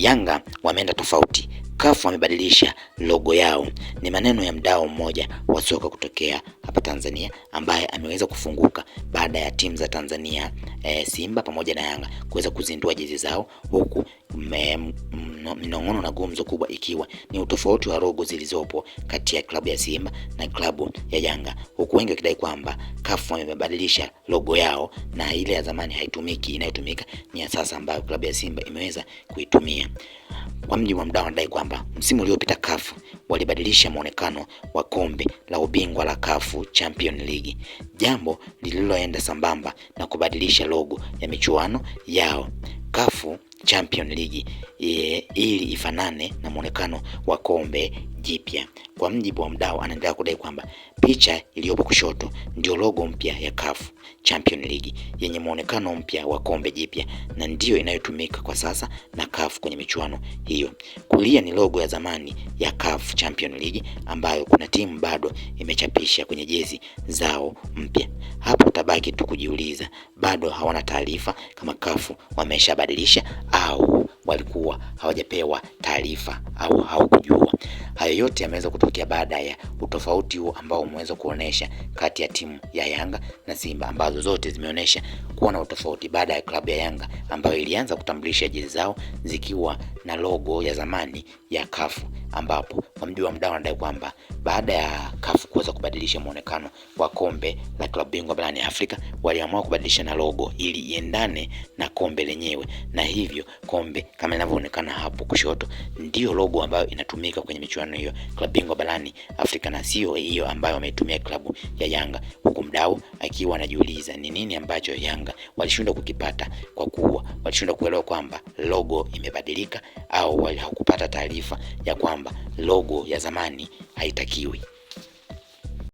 Yanga wameenda tofauti, CAF wamebadilisha logo yao. Ni maneno ya mdao mmoja wa soka kutokea hapa Tanzania ambaye ameweza kufunguka baada ya timu za Tanzania e, Simba pamoja na Yanga kuweza kuzindua jezi zao huku minong'ono na gumzo kubwa ikiwa ni utofauti wa rogo zilizopo kati ya klabu ya Simba na klabu ya Yanga, huku wengi wakidai kwamba CAF wamebadilisha logo yao na ile ya zamani haitumiki, inayotumika ni ya sasa ambayo klabu ya Simba imeweza kuitumia. Kwa mjibu wa mdau, anadai kwamba msimu uliopita CAF walibadilisha kuboresha mwonekano wa kombe la ubingwa la Kafu Champion League, jambo lililoenda sambamba na kubadilisha logo ya michuano yao Kafu Champion League eh, ili ifanane na mwonekano wa kombe jipya. Kwa mjibu wa mdau, anaendelea kudai kwamba picha iliyopo kushoto ndio logo mpya ya CAF Champions League yenye muonekano mpya wa kombe jipya na ndiyo inayotumika kwa sasa na CAF kwenye michuano hiyo. Kulia ni logo ya zamani ya CAF Champions League ambayo kuna timu bado imechapisha kwenye jezi zao mpya. Hapo tabaki tu kujiuliza, bado hawana taarifa kama CAF wameshabadilisha au walikuwa hawajapewa taarifa au hawakujua. Hayo yote yameweza kutokea baada ya utofauti huo ambao umeweza kuonesha kati ya timu ya Yanga na Simba ambazo zote zimeonesha kuwa na utofauti baada ya klabu ya Yanga ambayo ilianza kutambulisha jezi zao zikiwa na logo ya zamani ya kafu ambapo kwa mjua mdau anadai kwamba baada ya kuweza kubadilisha mwonekano wa kombe la klabu bingwa barani Afrika, waliamua kubadilisha na logo ili iendane na kombe lenyewe, na hivyo kombe kama inavyoonekana hapo kushoto ndiyo logo ambayo inatumika kwenye michuano hiyo klabu bingwa barani Afrika, na sio hiyo ambayo wameitumia klabu ya Yanga, huku mdau akiwa anajiuliza ni nini ambacho Yanga walishindwa kukipata, kwa kuwa walishindwa kuelewa kwamba logo imebadilika, au hawakupata taarifa ya kwamba logo ya zamani haitakiwi.